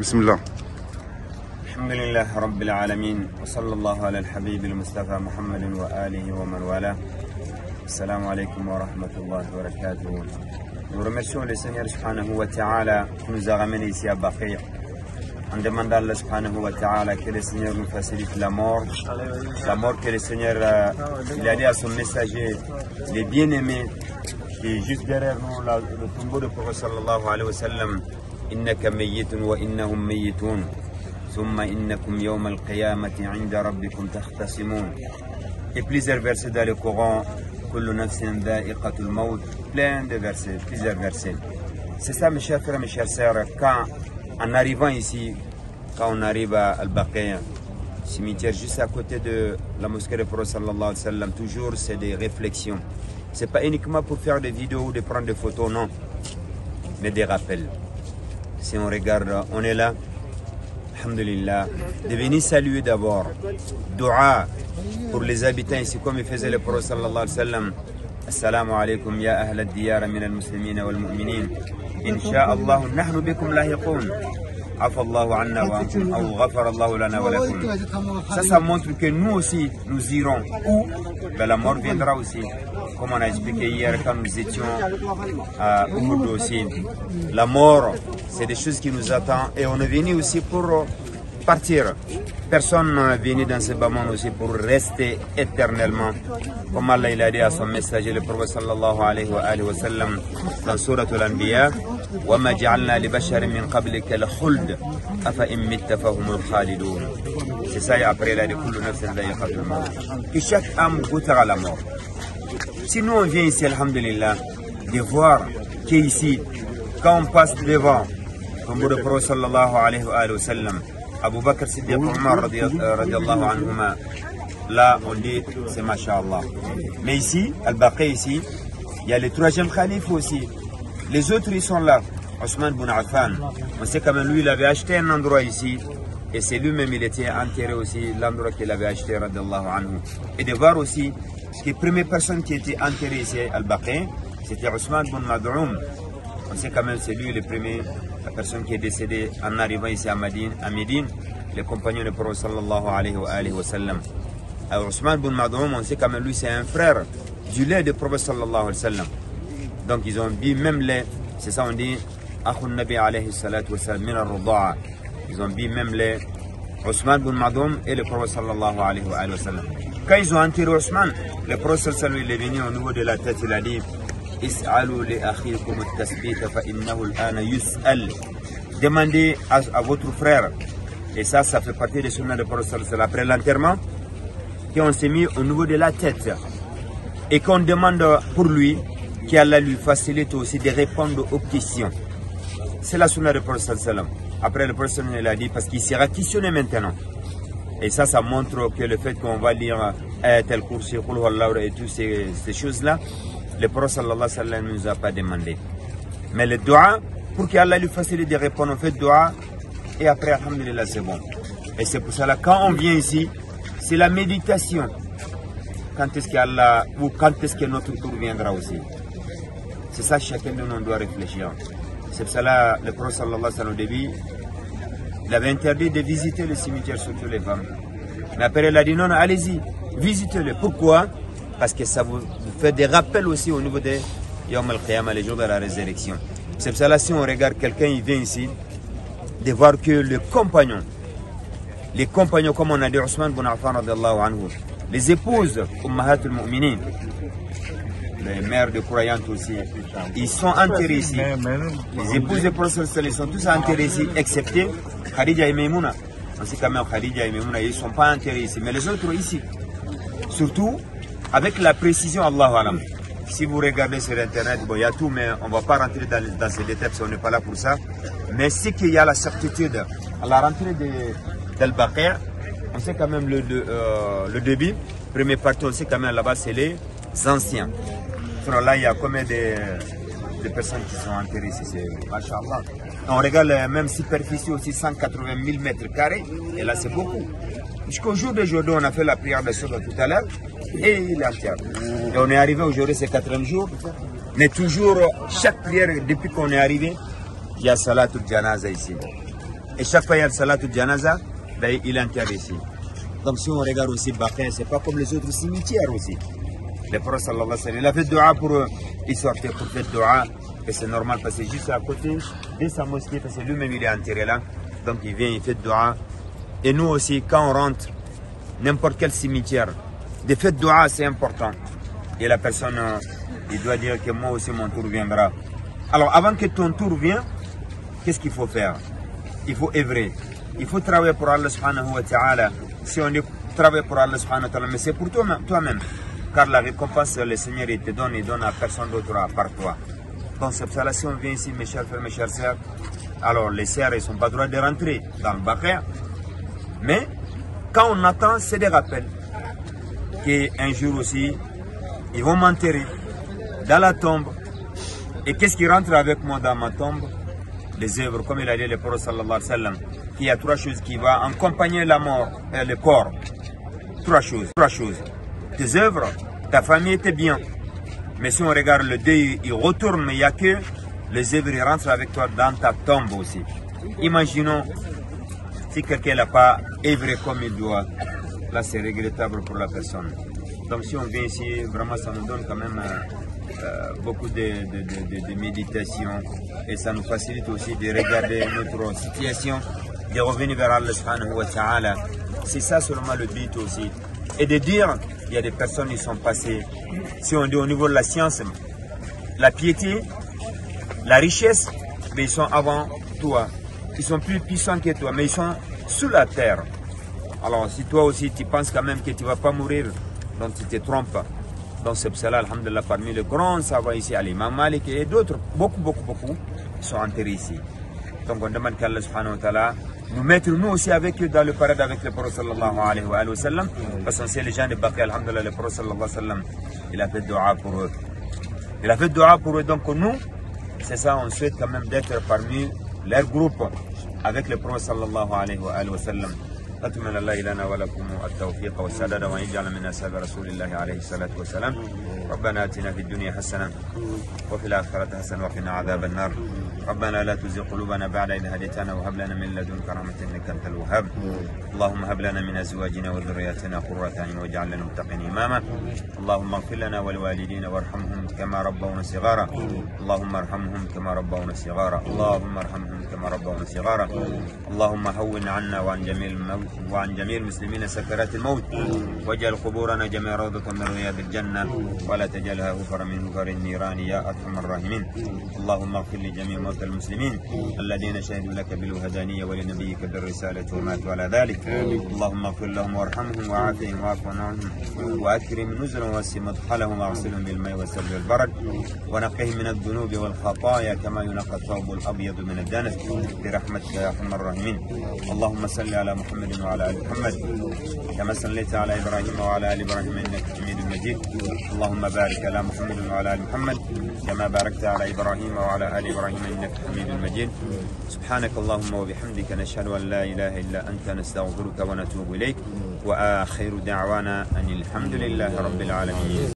بسم الله الحمد لله رب العالمين وصلى الله على الحبيب المصطفى محمد وآله ومن والاه السلام عليكم ورحمة الله وبركاته ورمشون لسنير سبحانه وتعالى كن زغمني سيا بقيع عندما ندال سبحانه وتعالى كل سنير مفسري في الأمور الأمور كل سنير الذي أصم مساجي لبين أمي كي جزبيرنا لتنبول صلى الله عليه وسلم إنك ميت وإنهم Et plusieurs versets dans le Coran, plein de versets, plusieurs versets. C'est ça mes chers frères, mes chers sœurs, quand en arrivant ici, quand on arrive à Al-Baqiyah, cimetière juste à côté de la mosquée de Prophète toujours c'est des réflexions. n'est pas uniquement pour faire des vidéos ou de prendre des photos, non, mais des rappels si on regarde, on est là. Alhamdulillah. De venir saluer d'abord. Dua pour les habitants ici, comme il faisait le prophète sallallahu alayhi wa sallam. Assalamu alaikum ya ahl al-diyar min al-muslimin wal-mu'minin. Inch'Allah, nahnu bikum lahiqoun. Ça, ça montre que nous aussi, nous irons où ben, la mort viendra aussi. Comme on a expliqué hier quand nous étions à Moudou aussi, la mort, c'est des choses qui nous attendent et on est venu aussi pour partir. Personne n'a venu dans ce bas aussi pour rester éternellement. Comme Allah il a dit à son messager, le prophète sallallahu alayhi wa, alayhi wa sallam, dans Surah Al-Anbiya, وَمَا جَعَلْنَا لِبَشَرٍ مِّن قَبْلِكَ الْخُلْدَ أَفَإِن مِتَّ فَهُمُ الْخَالِدُونَ C'est ça et après il a dit كُلُّ نَفْسٍ ذَائِقَةُ الْمَوْتِ Que chaque âme goûtera la mort. Si nous on vient ici, alhamdulillah, de voir qu'ici, quand on passe devant, comme le prophète sallallahu alayhi wa sallam, Abu Bakr Siddiq Omar Là, on dit, c'est Masha'Allah. Mais ici, Al-Baqi ici, il y a le troisième calife aussi. Les autres, ils sont là. Osman Ibn Affan. On sait quand même, lui, il avait acheté un endroit ici. Et c'est lui-même, il était enterré aussi, l'endroit qu'il avait acheté, radiallahu anhu. Et de voir aussi que la première personne qui était enterrée ici, Al-Baqi, c'était Osman Ibn Madroum. On sait quand même c'est lui le premier, la personne qui est décédée en arrivant ici à Médine, à Médine les compagnons du prophète sallallahu alayhi wa, alayhi wa sallam. Alors Osman bin Madoum, on sait quand même lui c'est un frère du lait du prophète sallallahu alayhi wa sallam. Donc ils ont bu même les, c'est ça on dit, Akhun Nabi alayhi salatu wa sallam, min al Ils ont bu même les, Ousmane bin Madoum et le prophète sallallahu alayhi wa, alayhi sallam. Quand ils ont enterré Osman, le prophète sallallahu alayhi wa sallam, est venu au niveau de la tête, il a dit, Demandez à, votre frère. Et ça, ça fait partie des Sunnah de Prophète Après l'enterrement, qu'on s'est mis au niveau de la tête et qu'on demande pour lui qu'Allah lui facilite aussi de répondre aux questions. C'est la Sunnah de Prophète Après le Prophète il a dit parce qu'il sera questionné maintenant. Et ça, ça montre que le fait qu'on va lire euh, tel cours, et toutes ces choses-là, le prophète sallallahu alayhi wa sallam ne nous a pas demandé. Mais le dua, pour qu'Allah lui facilite de répondre, on fait dua et après, alhamdulillah, c'est bon. Et c'est pour cela, quand on vient ici, c'est la méditation. Quand est-ce qu'Allah ou quand est-ce que notre tour viendra aussi C'est ça, chacun de nous doit réfléchir. C'est pour cela, le prophète sallallahu alayhi wa sallam, il avait interdit de visiter le cimetière, surtout les femmes. Mais après, il a dit non allez-y, visitez-le. Pourquoi parce que ça vous, fait des rappels aussi au niveau des Yom al les jours de la résurrection. C'est pour cela, si on regarde quelqu'un, il vient ici, de voir que le compagnon, les compagnons, comme on a dit Ousmane bin Affan, anhu, les épouses, Ummahat al-Mu'minin, les mères de croyantes aussi, ils sont enterrés ici. Les épouses de professeurs ils sont tous enterrés ici, excepté Khadija et Maimouna. On sait quand même Khadija et Maimouna, ils ne sont pas enterrés ici, mais les autres ici. Surtout, avec la précision Allahu Alam. Si vous regardez sur Internet, il y a tout, mais on ne va pas rentrer dans, ces détails parce qu'on n'est pas là pour ça. Mais ce qu'il y a la certitude, à la rentrée d'Al-Baqir, on sait quand même le, le euh, débit. Premier partie, on sait quand même là-bas, c'est les anciens. là, il y a combien de, personnes qui sont enterrées ici On regarde la même superficie aussi, 180 000 mètres carrés. Et là, c'est beaucoup. Jusqu'au jour d'aujourd'hui, on a fait la prière de soda tout à l'heure et il a Et on est arrivé aujourd'hui, c'est quatrième jour. Mais toujours, chaque prière, depuis qu'on est arrivé, il y a Salatul djanaza ici. Et chaque fois, il y a Salat Janaza, ben, il enterré ici. Donc si on regarde aussi ce n'est pas comme les autres cimetières aussi. Le prophète sallallahu alayhi wa sallam, il a fait dua pour eux. Ils fait pour faire dua. Et c'est normal parce que juste à côté de sa mosquée, parce que lui-même il est enterré là. Donc il vient, il fait dua. Et nous aussi, quand on rentre, n'importe quel cimetière, des fêtes d'Oua, c'est important. Et la personne, il doit dire que moi aussi, mon tour viendra. Alors, avant que ton tour vienne, qu'est-ce qu'il faut faire Il faut œuvrer. Il faut travailler pour Allah subhanahu wa ta'ala. Si on travaille pour Allah subhanahu wa mais c'est pour toi-même. Toi Car la récompense, le Seigneur, il te donne, il donne à personne d'autre à part toi. Donc, c'est pour si on vient ici, mes chers frères, mes chers sœurs, alors les sœurs, ils sont pas droit de rentrer dans le Bakr. Mais quand on attend, c'est des rappels qu'un jour aussi, ils vont m'enterrer dans la tombe. Et qu'est-ce qui rentre avec moi dans ma tombe Les œuvres, comme il a dit le prophète sallallahu alayhi wa sallam, qu'il y a trois choses qui vont accompagner la mort, euh, le corps. Trois choses, trois choses. Tes œuvres, ta famille était bien. Mais si on regarde le deuil, il retourne, mais il n'y a que les œuvres rentrent avec toi dans ta tombe aussi. Imaginons si quelqu'un n'a pas œuvré comme il doit, là c'est regrettable pour la personne. Donc si on vient ici, vraiment ça nous donne quand même euh, euh, beaucoup de, méditation et ça nous facilite aussi de regarder notre situation, de revenir vers Allah subhanahu wa ta'ala. C'est ça seulement le but aussi. Et de dire, il y a des personnes qui sont passées. Si on dit au niveau de la science, la piété, la richesse, mais ils sont avant toi ils sont plus puissants que toi, mais ils sont sous la terre. Alors si toi aussi tu penses quand même que tu ne vas pas mourir, donc tu te trompes. Donc c'est cela, alhamdulillah, parmi les grands savants ici, Ali l'imam Malik et d'autres, beaucoup, beaucoup, beaucoup, sont enterrés ici. Donc on demande qu'Allah subhanahu wa ta'ala nous mette nous aussi avec eux dans le paradis avec le prophète sallallahu alayhi wa sallam. Parce que sait les gens de Baqi, alhamdulillah, le prophète sallallahu alayhi wa sallam, il a fait dua pour eux. Il a fait dua pour eux, donc nous, c'est ça, on souhaite quand même d'être parmi leur groupe avec le prophète sallallahu alayhi wa, alayhi wa sallam. أتمنى الله لنا ولكم التوفيق والسداد وأن يجعل من أصحاب رسول الله عليه الصلاة والسلام ربنا آتنا في الدنيا حسنة وفي الآخرة حسنة وقنا عذاب النار ربنا لا تزغ قلوبنا بعد إذ هديتنا وهب لنا من لدنك رحمة إنك أنت الوهاب اللهم هب لنا من أزواجنا وذرياتنا قرة أعين واجعل لنا متقين إماما اللهم اغفر لنا والوالدين وارحمهم كما ربونا صغارا اللهم ارحمهم كما ربونا صغارا اللهم ارحمهم كما ربونا صغارا اللهم هون عنا وعن جميع الموت وعن جميع المسلمين سكرات الموت واجعل قبورنا جميع روضة من رياض الجنة ولا تجعلها غفر من غفر النيران يا أرحم الراحمين اللهم اغفر لجميع أخرجت المسلمين الذين شهدوا لك بالوهدانية ولنبيك بالرسالة وماتوا على ذلك اللهم اغفر لهم وارحمهم وعافهم واعف عنهم وأكرم نزلهم واسع مدخلهم واغسلهم بالماء والسبع والبرد ونقهم من الذنوب والخطايا كما ينقى الثوب الأبيض من الدنس برحمتك يا أرحم الراحمين اللهم صل على محمد وعلى آل محمد كما صليت على إبراهيم وعلى آل إبراهيم إنك مجيد اللهم بارك على محمد وعلى ال محمد كما باركت على ابراهيم وعلى ال ابراهيم انك حميد مجيد سبحانك اللهم وبحمدك نشهد ان لا اله الا انت نستغفرك ونتوب اليك واخر دعوانا ان الحمد لله رب العالمين